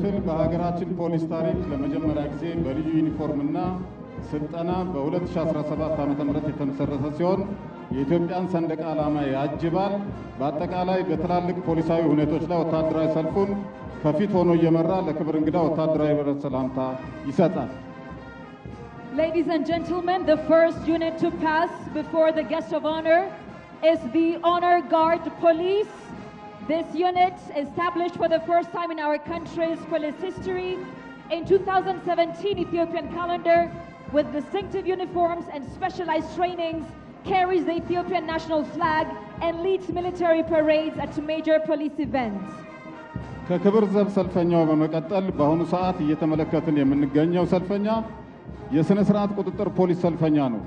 ክፍል በሀገራችን ፖሊስ ታሪክ ለመጀመሪያ ጊዜ በልዩ ዩኒፎርምና ስልጠና በ2017 ዓ ም የተመሰረተ ሲሆን የኢትዮጵያን ሰንደቅ ዓላማ ያጅባል። በአጠቃላይ በትላልቅ ፖሊሳዊ ሁኔቶች ላይ ወታደራዊ ሰልፉን ከፊት ሆኖ እየመራ ለክብር እንግዳ ወታደራዊ ብረት ሰላምታ ይሰጣል። Ladies and gentlemen, the first unit to pass before the guest of honor is the Honor Guard Police. This unit, established for the first time in our country's police history in 2017 Ethiopian calendar, with distinctive uniforms and specialized trainings, carries the Ethiopian national flag and leads military parades at major police events. ከክብር ዘብ ሰልፈኛው በመቀጠል በአሁኑ ሰዓት እየተመለከትን የምንገኘው ሰልፈኛ የሥነ ቁጥጥር ፖሊስ ሰልፈኛ ነው።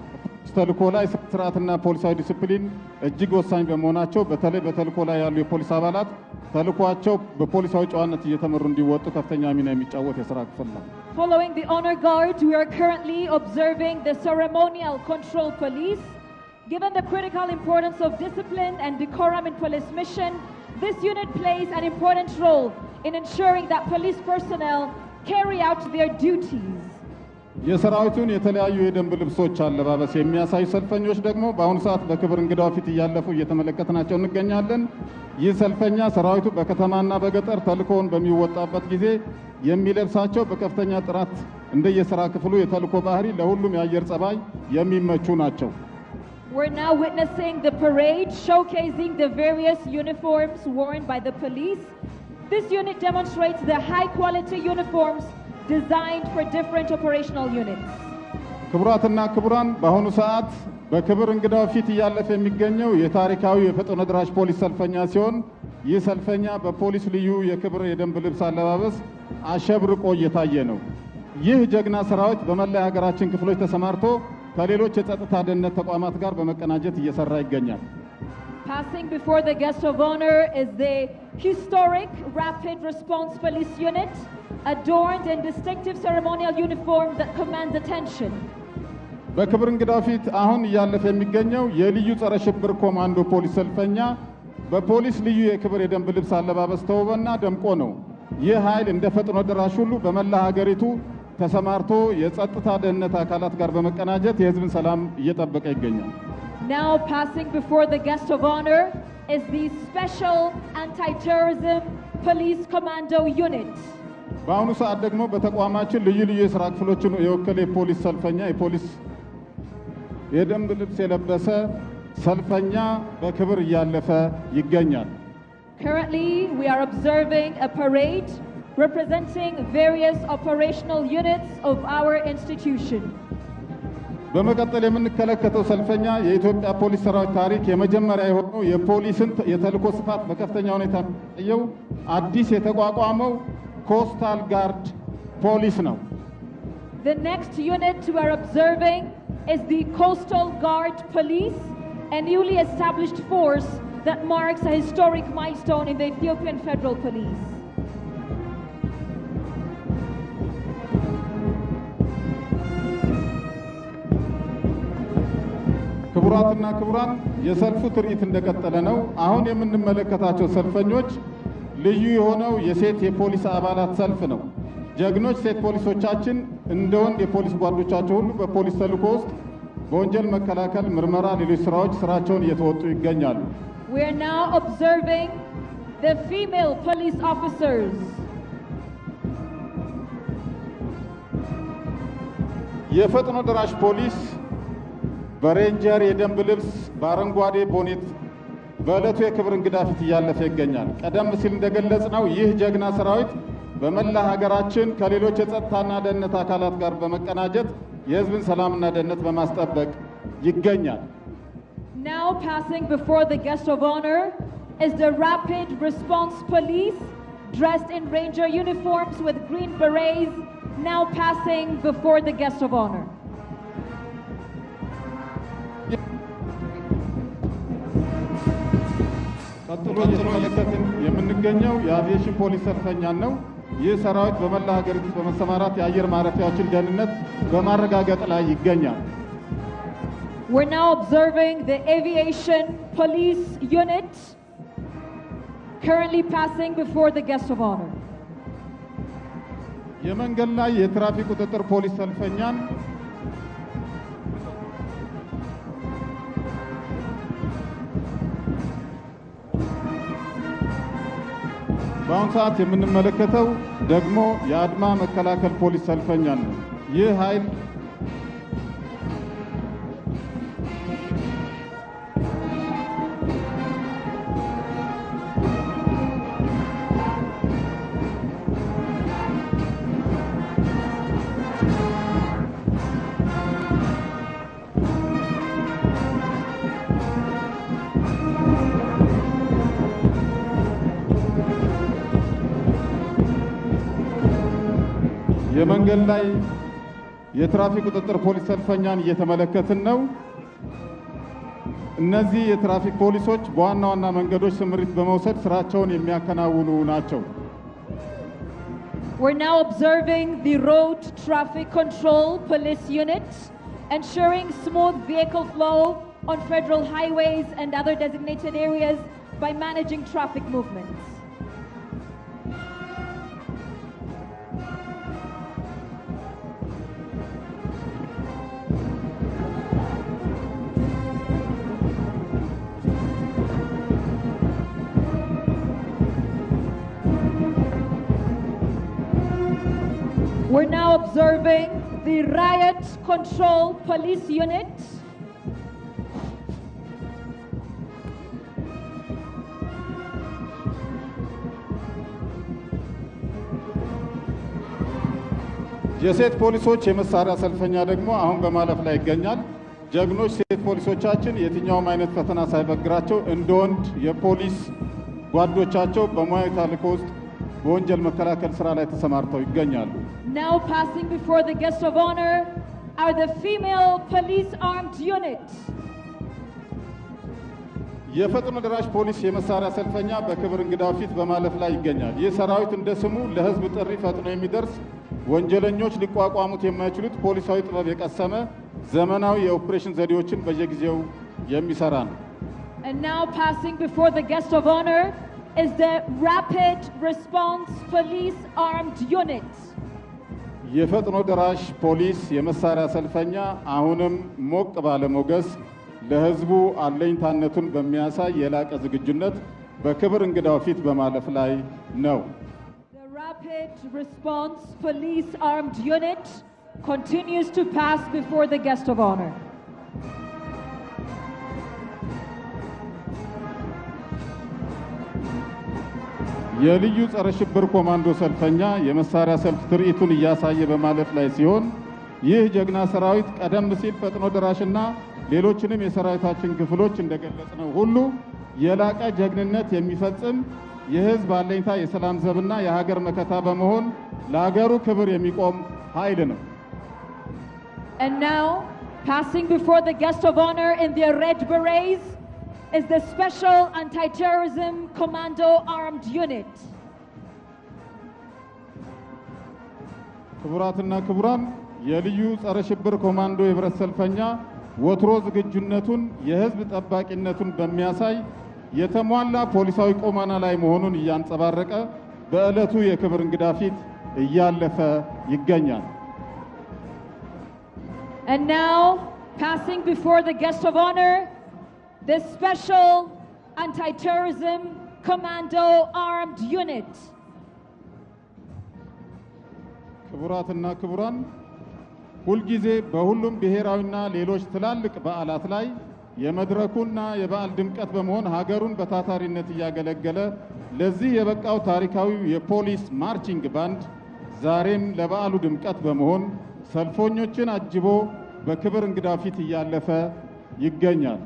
ተልእኮ ላይ ስርዓትና ፖሊሳዊ ዲስፕሊን እጅግ ወሳኝ በመሆናቸው በተለይ በተልእኮ ላይ ያሉ የፖሊስ አባላት ተልእኳቸው በፖሊሳዊ ጨዋነት እየተመሩ እንዲወጡ ከፍተኛ ሚና የሚጫወት የስራ ክፍል ነው። Following the honor guard, we are currently observing the ceremonial control police. Given the critical importance of discipline and decorum in police mission, this unit plays an important role in ensuring that police personnel carry out their duties. የሰራዊቱን የተለያዩ የደንብ ልብሶች አለባበስ የሚያሳዩ ሰልፈኞች ደግሞ በአሁኑ ሰዓት በክብር እንግዳው ፊት እያለፉ እየተመለከትናቸው እንገኛለን። ይህ ሰልፈኛ ሰራዊቱ በከተማና በገጠር ተልኮውን በሚወጣበት ጊዜ የሚለብሳቸው በከፍተኛ ጥራት እንደየስራ ክፍሉ የተልኮ ባህሪ ለሁሉም የአየር ጸባይ የሚመቹ ናቸው። We're now witnessing the parade showcasing the various uniforms worn by the police. This unit demonstrates the high quality uniforms designed for different operational units. ክቡራትና ክቡራን በአሁኑ ሰዓት በክብር እንግዳው ፊት እያለፈ የሚገኘው የታሪካዊ የፈጥኖ ደራሽ ፖሊስ ሰልፈኛ ሲሆን ይህ ሰልፈኛ በፖሊስ ልዩ የክብር የደንብ ልብስ አለባበስ አሸብርቆ እየታየ ነው። ይህ ጀግና ሰራዊት በመላ የሀገራችን ክፍሎች ተሰማርቶ ከሌሎች የጸጥታ ደህንነት ተቋማት ጋር በመቀናጀት እየሰራ ይገኛል። Passing before the guest of honor is the historic Rapid Response Police Unit, adorned in distinctive ceremonial uniform that commands attention. በክብር እንግዳ ፊት አሁን እያለፈ የሚገኘው የልዩ ጸረ ሽብር ኮማንዶ ፖሊስ ሰልፈኛ በፖሊስ ልዩ የክብር የደንብ ልብስ አለባበስ ተውቦና ደምቆ ነው። ይህ ኃይል እንደ ፈጥኖ ደራሽ ሁሉ በመላ ሀገሪቱ ተሰማርቶ የጸጥታ ደህንነት አካላት ጋር በመቀናጀት የህዝብን ሰላም እየጠበቀ ይገኛል። Now passing before the guest of honor is the Special Anti-Terrorism Police Commando Unit. በአሁኑ ሰዓት ደግሞ በተቋማችን ልዩ ልዩ የስራ ክፍሎችን የወከለ የፖሊስ ሰልፈኛ የፖሊስ የደንብ ልብስ የለበሰ ሰልፈኛ በክብር እያለፈ ይገኛል። Currently, we are observing a parade representing various operational units of our institution. በመቀጠል የምንከለከተው ሰልፈኛ የኢትዮጵያ ፖሊስ ሰራዊት ታሪክ የመጀመሪያ የሆነው የፖሊስን የተልእኮ ስፋት በከፍተኛ ሁኔታ አዲስ የተቋቋመው ኮስታል ጋርድ ፖሊስ ነው። The next unit we're observing is the Coastal Guard Police, a newly established force that marks a historic milestone in the Ethiopian Federal Police. ክቡራትና ክቡራን የሰልፉ ትርኢት እንደቀጠለ ነው። አሁን የምንመለከታቸው ሰልፈኞች ልዩ የሆነው የሴት የፖሊስ አባላት ሰልፍ ነው። ጀግኖች ሴት ፖሊሶቻችን እንደ ወንድ የፖሊስ ጓዶቻቸው ሁሉ በፖሊስ ተልዕኮ ውስጥ በወንጀል መከላከል፣ ምርመራ፣ ሌሎች ስራዎች ስራቸውን እየተወጡ ይገኛሉ። የፈጥኖ ደራሽ ፖሊስ በሬንጀር የደንብ ልብስ በአረንጓዴ ቦኔት በዕለቱ የክብር እንግዳ ፊት እያለፈ ይገኛል። ቀደም ሲል እንደገለጽ ነው ይህ ጀግና ሰራዊት በመላ ሀገራችን ከሌሎች የጸጥታና ደህንነት አካላት ጋር በመቀናጀት የህዝብን ሰላምና ደህንነት በማስጠበቅ ይገኛል። Now passing before the guest of honor is the Rapid Response Police dressed in ranger uniforms with green berets now passing before the guest of honor. ቀጥሎ እየተመለከት የምንገኘው የአቪዬሽን ፖሊስ ሰራተኛን ነው። ይህ ሰራዊት በመላ ሀገሪቱ በመሰማራት የአየር ማረፊያዎችን ደህንነት በማረጋገጥ ላይ ይገኛል። We're now observing the aviation police unit currently passing before the guest of honor. የመንገድ ላይ የትራፊክ ቁጥጥር ፖሊስ ሰልፈኛን በአሁኑ ሰዓት የምንመለከተው ደግሞ የአድማ መከላከል ፖሊስ ሰልፈኛን ነው። ይህ ኃይል ላይ የትራፊክ ቁጥጥር ፖሊስ ሰልፈኛን እየተመለከትን ነው። እነዚህ የትራፊክ ፖሊሶች በዋና ዋና መንገዶች ስምሪት በመውሰድ ስራቸውን የሚያከናውኑ ናቸው። We're now observing the road traffic control police unit ensuring smooth vehicle flow on federal highways and other designated areas by managing traffic movements. observing the riot control police unit. የሴት ፖሊሶች የመሳሪያ ሰልፈኛ ደግሞ አሁን በማለፍ ላይ ይገኛል። ጀግኖች ሴት ፖሊሶቻችን የትኛውም አይነት ፈተና ሳይበግራቸው እንደ ወንድ የፖሊስ ጓዶቻቸው በሙያዊ ተልዕኮ ውስጥ በወንጀል መከላከል ስራ ላይ ተሰማርተው ይገኛሉ። Now passing before the guest of honor are the female police armed unit. የፈጥኖ ደራሽ ፖሊስ የመሳሪያ ሰልፈኛ በክብር እንግዳ ፊት በማለፍ ላይ ይገኛል። ይህ ሰራዊት እንደ ስሙ ለህዝብ ጥሪ ፈጥኖ የሚደርስ ወንጀለኞች ሊቋቋሙት የማይችሉት ፖሊሳዊ ጥበብ የቀሰመ ዘመናዊ የኦፕሬሽን ዘዴዎችን በየጊዜው የሚሰራ ነው። And now passing before the guest of honor is the Rapid Response Police Armed Unit. የፈጥኖ ደራሽ ፖሊስ የመሳሪያ ሰልፈኛ አሁንም ሞቅ ባለ ሞገስ ለህዝቡ አለኝታነቱን በሚያሳይ የላቀ ዝግጁነት በክብር እንግዳው ፊት በማለፍ ላይ ነው። ራፒድ ሪስፖንስ ፖሊስ አርምድ ዩኒት ኮንቲኒዩስ ቱ ፓስ ቢፎር ዘ ጌስት ኦፍ ኦነር የልዩ ጸረ ሽብር ኮማንዶ ሰልፈኛ የመሳሪያ ሰልፍ ትርኢቱን እያሳየ በማለፍ ላይ ሲሆን ይህ ጀግና ሰራዊት ቀደም ሲል ፈጥኖ ደራሽና ሌሎችንም የሰራዊታችን ክፍሎች እንደገለጽነው ሁሉ የላቀ ጀግንነት የሚፈጽም የህዝብ አለኝታ፣ የሰላም ዘብና የሀገር መከታ በመሆን ለሀገሩ ክብር የሚቆም ኃይል ነው። And now, passing before the guest of honor in their red berets, is the Special Anti-Terrorism Commando Armed Unit. ክቡራትና ክቡራን የልዩ ጸረ ሽብር ኮማንዶ የህብረት ሰልፈኛ ወትሮ ዝግጁነቱን የህዝብ ጠባቂነቱን በሚያሳይ የተሟላ ፖሊሳዊ ቆመና ላይ መሆኑን እያንጸባረቀ በዕለቱ የክብር እንግዳ ፊት እያለፈ ይገኛል። And now, passing before the guest of honor, the Special Anti-Terrorism Commando Armed Unit. ክቡራትና ክቡራን ሁልጊዜ በሁሉም ብሔራዊና ሌሎች ትላልቅ በዓላት ላይ የመድረኩና የበዓል ድምቀት በመሆን ሀገሩን በታታሪነት እያገለገለ ለዚህ የበቃው ታሪካዊው የፖሊስ ማርቺንግ ባንድ ዛሬም ለበዓሉ ድምቀት በመሆን ሰልፎኞችን አጅቦ በክብር እንግዳ ፊት እያለፈ ይገኛል።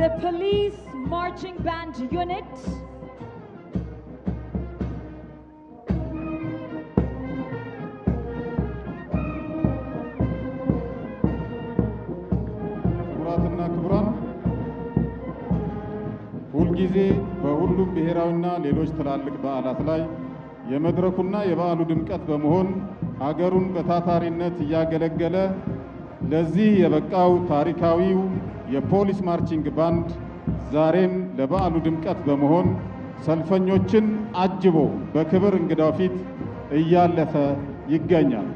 the police marching band unit. ክቡራትና ክቡራን ሁልጊዜ በሁሉም ብሔራዊና ሌሎች ትላልቅ በዓላት ላይ የመድረኩና የበዓሉ ድምቀት በመሆን አገሩን በታታሪነት እያገለገለ ለዚህ የበቃው ታሪካዊው የፖሊስ ማርቺንግ ባንድ ዛሬም ለበዓሉ ድምቀት በመሆን ሰልፈኞችን አጅቦ በክብር እንግዳው ፊት እያለፈ ይገኛል።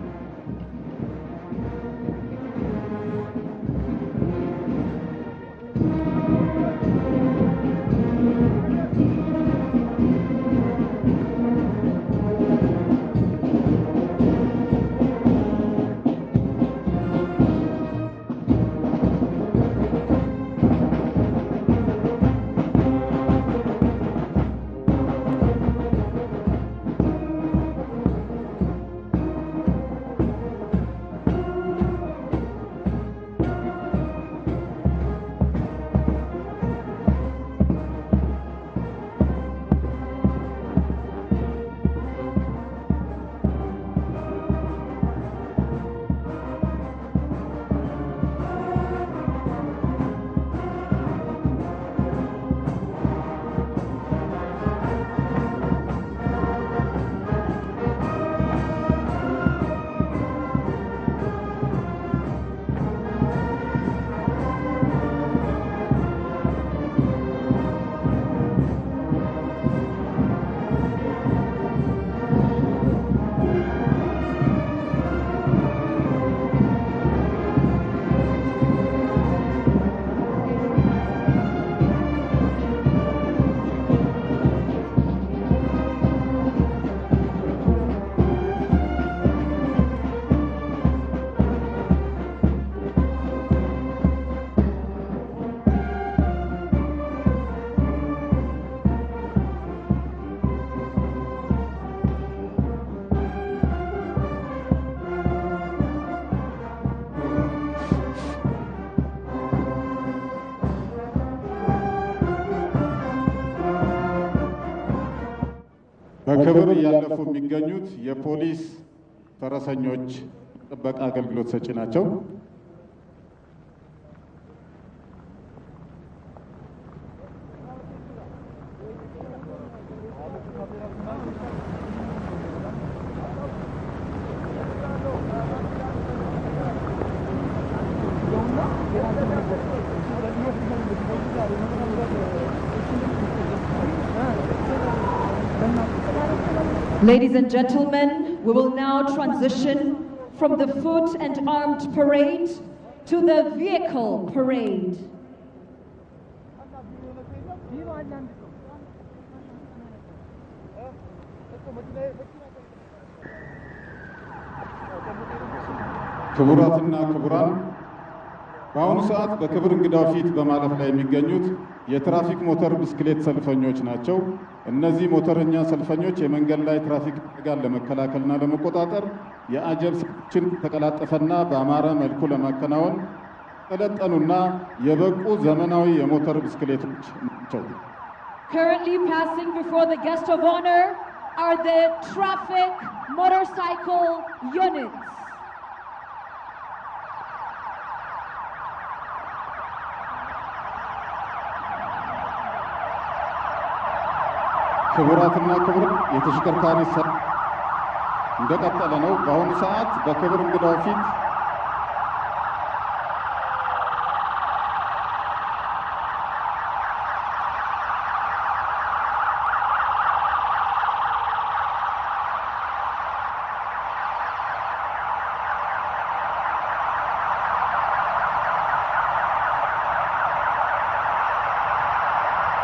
በክብር እያለፉ የሚገኙት የፖሊስ ፈረሰኞች ጥበቃ አገልግሎት ሰጪ ናቸው። Ladies and gentlemen, we will now transition from the foot and armed parade to the vehicle parade. ክቡራትና ክቡራን በአሁኑ ሰዓት በክብር እንግዳው ፊት በማለፍ ላይ የሚገኙት የትራፊክ ሞተር ብስክሌት ሰልፈኞች ናቸው። እነዚህ ሞተረኛ ሰልፈኞች የመንገድ ላይ ትራፊክ አደጋን ለመከላከልና ለመቆጣጠር የአጀብ ስችን ተቀላጠፈና በአማረ መልኩ ለማከናወን የሰለጠኑና የበቁ ዘመናዊ የሞተር ብስክሌቶች ናቸው። Currently passing before the guest of honor are the traffic motorcycle units. ክቡራትና ክቡር የተሽከርካሪ ሰብ እንደቀጠለ ነው። በአሁኑ ሰዓት በክብር እንግዳው ፊት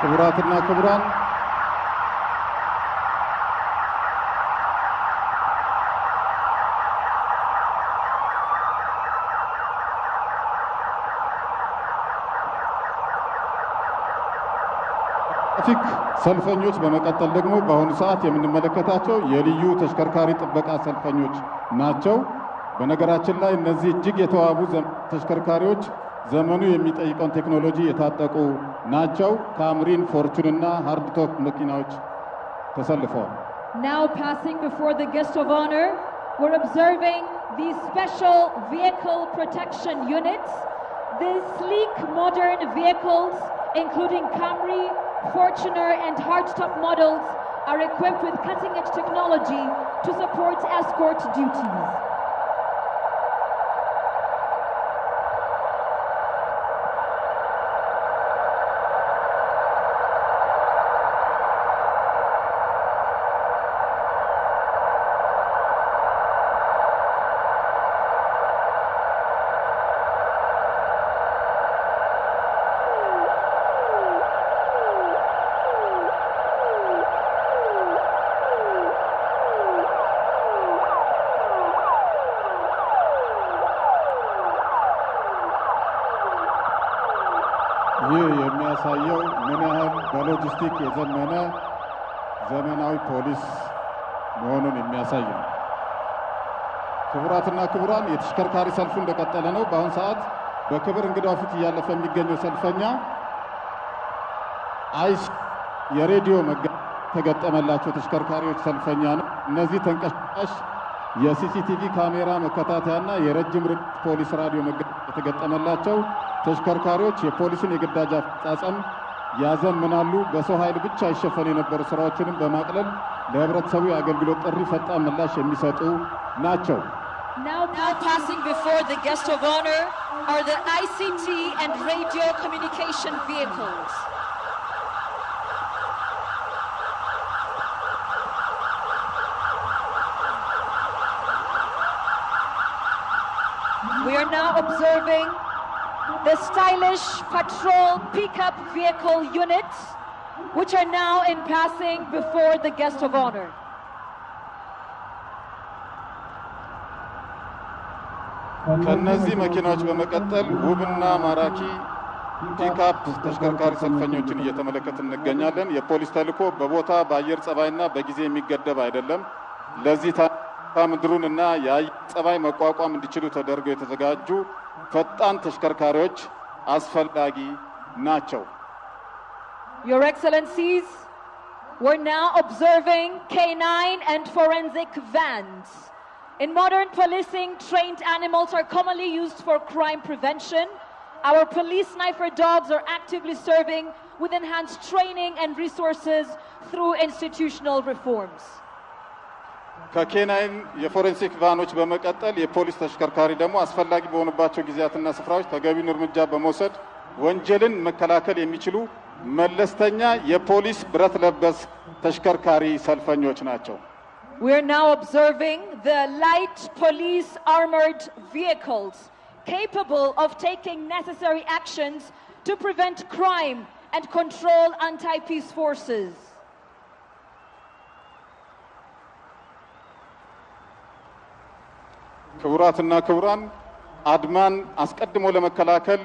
ክቡራትና ክቡራን ትራፊክ ሰልፈኞች በመቀጠል ደግሞ በአሁኑ ሰዓት የምንመለከታቸው የልዩ ተሽከርካሪ ጥበቃ ሰልፈኞች ናቸው። በነገራችን ላይ እነዚህ እጅግ የተዋቡ ተሽከርካሪዎች ዘመኑ የሚጠይቀውን ቴክኖሎጂ የታጠቁ ናቸው። ካምሪን፣ ፎርቹን እና ሃርድቶክ መኪናዎች ተሰልፈዋል። Now passing before the guest of honor, we're observing the Special Vehicle Protection Units. These sleek modern vehicles, including Camry, Fortuner and hardtop models are equipped with cutting-edge technology to support escort duties. በቴክ የዘመነ ዘመናዊ ፖሊስ መሆኑን የሚያሳይ ነው። ክቡራትና ክቡራን፣ የተሽከርካሪ ሰልፉ እንደቀጠለ ነው። በአሁኑ ሰዓት በክብር እንግዳው ፊት እያለፈ የሚገኘው ሰልፈኛ አይስ የሬዲዮ መጋ ተገጠመላቸው ተሽከርካሪዎች ሰልፈኛ ነው። እነዚህ ተንቀሳቃሽ የሲሲቲቪ ካሜራ መከታተያና የረጅም ርቀት ፖሊስ ራዲዮ መጋ የተገጠመላቸው ተሽከርካሪዎች የፖሊስን የግዳጅ አፈጻጸም ያዘምናሉ። በሰው ኃይል ብቻ ይሸፈኑ የነበሩ ስራዎችንም በማቅለል ለህብረተሰቡ የአገልግሎት ጥሪ ፈጣን ምላሽ የሚሰጡ ናቸው። We are now observing the stylish patrol pickup vehicle units, which are now in passing before the guest of honor. ከእነዚህ መኪናዎች በመቀጠል ውብና ማራኪ ፒካፕ ተሽከርካሪ ሰልፈኞችን እየተመለከት እንገኛለን። የፖሊስ ተልዕኮ በቦታ በአየር ጸባይና በጊዜ የሚገደብ አይደለም። ለዚህ ምድሩንና የአየር ጸባይ መቋቋም እንዲችሉ ተደርገው የተዘጋጁ ፈጣን ተሽከርካሪዎች አስፈላጊ ናቸው። Your Excellencies, we're now observing canine and forensic vans. In modern policing, trained animals are commonly used for crime prevention. Our police sniper dogs are actively serving with enhanced training and resources through institutional reforms. ከኬናይን የፎሬንሲክ ቫኖች በመቀጠል የፖሊስ ተሽከርካሪ ደግሞ አስፈላጊ በሆኑባቸው ጊዜያትና ስፍራዎች ተገቢውን እርምጃ በመውሰድ ወንጀልን መከላከል የሚችሉ መለስተኛ የፖሊስ ብረት ለበስ ተሽከርካሪ ሰልፈኞች ናቸው። We are now observing the light police armored vehicles capable of taking necessary actions to prevent crime and control anti-peace forces. ክቡራትና ክቡራን አድማን አስቀድሞ ለመከላከል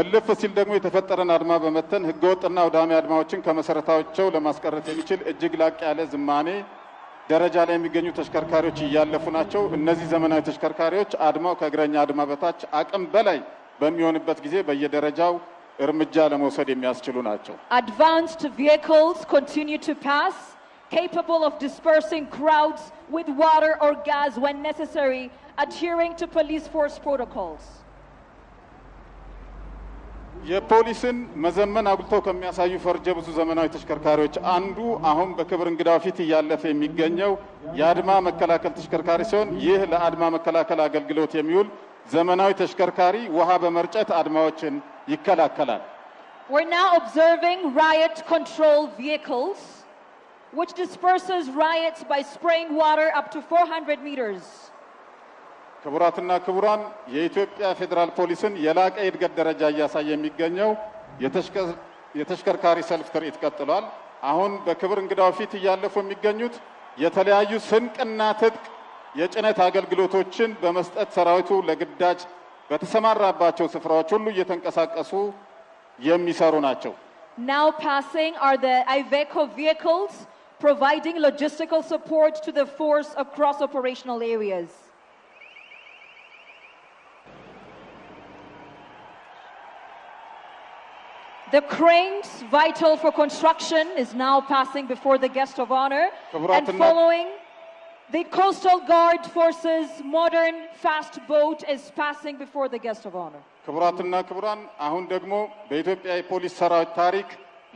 እልፍ ሲል ደግሞ የተፈጠረን አድማ በመተን ህገወጥና አውዳሚ አድማዎችን ከመሰረታቸው ለማስቀረት የሚችል እጅግ ላቅ ያለ ዝማኔ ደረጃ ላይ የሚገኙ ተሽከርካሪዎች እያለፉ ናቸው። እነዚህ ዘመናዊ ተሽከርካሪዎች አድማው ከእግረኛ አድማ በታች አቅም በላይ በሚሆንበት ጊዜ በየደረጃው እርምጃ ለመውሰድ የሚያስችሉ ናቸው። አድቫንስድ ቪክልስ ኮንቲኒ ቱ ፓስ capable of dispersing crowds with water or gas when necessary adhering to police force protocols? የፖሊስን መዘመን አጉልቶ ከሚያሳዩ ፈርጀ ብዙ ዘመናዊ ተሽከርካሪዎች አንዱ አሁን በክብር እንግዳ ፊት እያለፈ የሚገኘው የአድማ መከላከል ተሽከርካሪ ሲሆን ይህ ለአድማ መከላከል አገልግሎት የሚውል ዘመናዊ ተሽከርካሪ ውሃ በመርጨት አድማዎችን ይከላከላል። We're now observing riot control vehicles which disperses riots by spraying water up to 400 meters. ክቡራትና ክቡራን የኢትዮጵያ ፌዴራል ፖሊስን የላቀ የእድገት ደረጃ እያሳየ የሚገኘው የተሽከርካሪ ሰልፍ ትርኢት ቀጥሏል። አሁን በክብር እንግዳው ፊት እያለፉ የሚገኙት የተለያዩ ስንቅና ትጥቅ የጭነት አገልግሎቶችን በመስጠት ሰራዊቱ ለግዳጅ በተሰማራባቸው ስፍራዎች ሁሉ እየተንቀሳቀሱ የሚሰሩ ናቸው። Now passing are the Iveco vehicles providing logistical support to the force across operational areas. The cranes, vital for construction, is now passing before the guest of honor and following the Coastal Guard Forces modern fast boat is passing before the guest of honor. ክቡራትና ክቡራን አሁን ደግሞ በኢትዮጵያ የፖሊስ ሰራዊት ታሪክ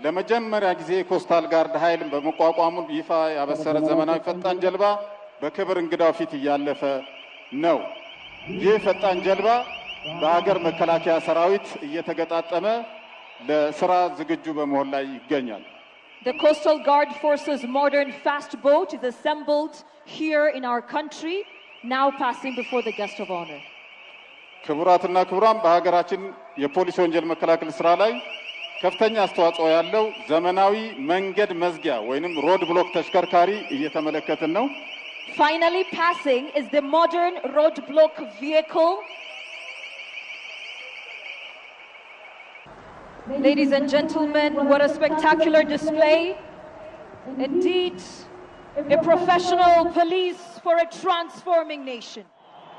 ለመጀመሪያ ጊዜ ጋርድ ኃይልን ይፋ ያበሰረ ዘመናዊ ፈጣን ጀልባ በክብር እንግዳው ፊት እያለፈ ነው። ይህ ፈጣን ጀልባ በሀገር መከላከያ ሰራዊት እየተገጣጠመ ለስራ ዝግጁ በመሆን ላይ ይገኛል። The Coastal Guard Forces modern fast boat is assembled here in our country, now passing before the guest of honor. ክቡራትና ክቡራን በሀገራችን የፖሊስ ወንጀል መከላከል ስራ ላይ ከፍተኛ አስተዋጽኦ ያለው ዘመናዊ መንገድ መዝጊያ ወይንም ሮድ ብሎክ ተሽከርካሪ እየተመለከትን ነው። Finally passing is the modern road block vehicle Ladies and gentlemen, what a spectacular display. Indeed, a professional police for a transforming nation.